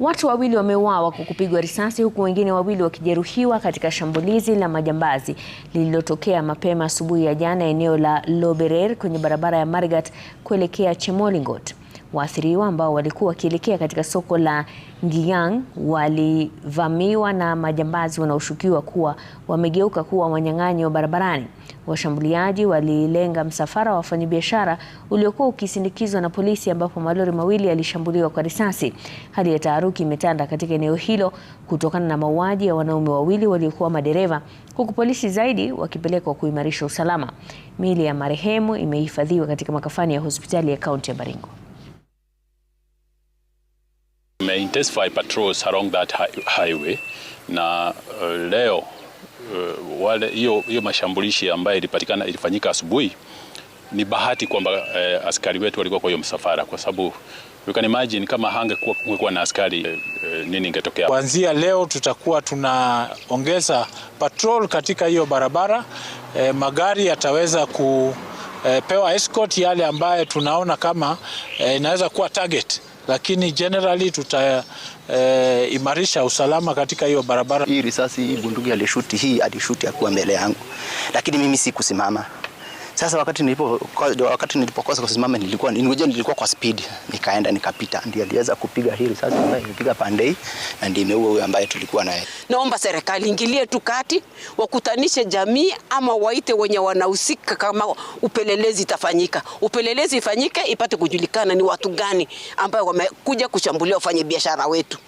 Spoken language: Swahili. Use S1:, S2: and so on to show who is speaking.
S1: Watu wawili wameuawa kwa kupigwa risasi huku wengine wawili wakijeruhiwa katika shambulizi la majambazi lililotokea mapema asubuhi ya jana eneo la Loberer kwenye barabara ya Marigat kuelekea Chemolingot. Waathiriwa ambao walikuwa wakielekea katika soko la Ngiyang walivamiwa na majambazi wanaoshukiwa kuwa wamegeuka kuwa wanyang'anyi wa barabarani. Washambuliaji walilenga msafara wa wafanyabiashara uliokuwa ukisindikizwa na polisi, ambapo malori mawili yalishambuliwa kwa risasi. Hali ya taharuki imetanda katika eneo hilo kutokana na mauaji ya wanaume wawili waliokuwa madereva, huku polisi zaidi wakipelekwa kuimarisha usalama. Miili ya marehemu imehifadhiwa katika makafani ya hospitali ya kaunti ya Baringo
S2: tumeintensify patrols along that highway na uh, leo uh, wale hiyo hiyo mashambulishi ambayo ilipatikana ilifanyika asubuhi. Ni bahati kwamba uh, askari wetu walikuwa kwa hiyo msafara, kwa sababu you can imagine kama hangekuwa na askari uh, uh, nini ingetokea.
S3: Kuanzia leo tutakuwa tunaongeza patrol katika hiyo barabara uh, magari yataweza ku eh, pewa escort yale ambayo tunaona kama eh, inaweza kuwa target lakini generally tutaimarisha eh, e, usalama katika hiyo barabara.
S4: Hii risasi hii bunduki alishuti hii alishuti akiwa mbele yangu, lakini mimi sikusimama. Sasa wakati nilipo wakati nilipokosa kusimama nilikuwa nilikuwa nilikuwa kwa speed nikaenda nikapita, ndiye aliweza kupiga hili sasa, ambaye nilipiga pande hii na ndiye imeua huyo ambaye tulikuwa naye.
S5: Naomba serikali ingilie tu kati, wakutanishe jamii ama waite wenye wanahusika, kama upelelezi itafanyika, upelelezi ifanyike, ipate kujulikana ni watu gani ambao wamekuja kushambulia wafanyabiashara wetu.